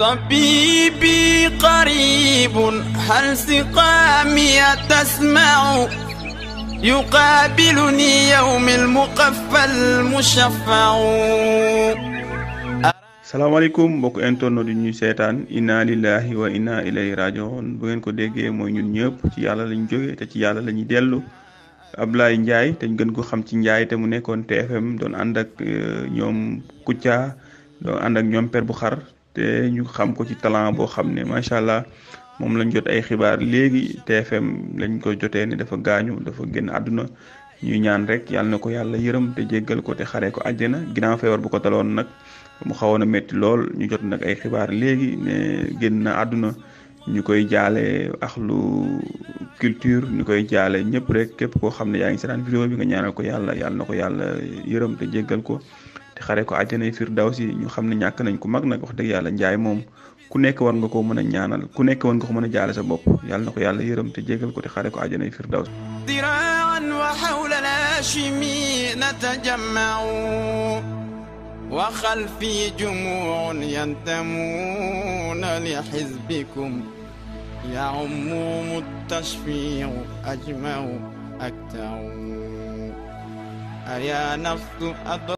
طبيبي قريب هل سقامي تسمع يقابلني يوم المقفى المشفع salaamaaleykum mbokk internet yi ñuy seetaan inna lillahi wa inna ilayhi rajiun bu ngeen ko déggee mooy ñun ñëpp ci yàlla lañ jóge te ci yàlla la ñuy dellu Ablaye ñu gën ko xam ci mu TFM doon ànd ak ñoom doon ànd ak te ñu xam ko ci talent boo xam ne macha allah moom lañu jot ay xibaar léegi TFM lañ ko jotee ne dafa gaañu dafa génn àdduna ñuy ñaan rek yàlla na ko yàlla yërëm te jéggal ko xaree ko àjjana ginnaaw feebar bu ko taloon nag mu xawoon a métti lool ñu jot nag ay xibaar léegi ne génn na àdduna ñu koy jaale axlu culture ñu koy jaale ñëpp rek képp koo xam ne yaa ngi seetaan vidéo bi nga ñaanal ko yàlla yàlla na ko yàlla yërëm te jéggal ko. te xare ko àjjanay firdawsi ñu xam ne ñàkk nañ ku mag nag wax dëgg yàlla njaay moom ku nekk war nga ko mën a ñaanal ku nekk war nga ko mën a jaale sa bopp yàlla na ko yàlla yërëm te jégal ko te xare ko aljana firdawsi ذراعا وحول الهاشمين تجمعوا وخلفي جموع ينتمون لحزبكم يعمهم التشفيع أجمع أكتعوا أيا نفس أدرى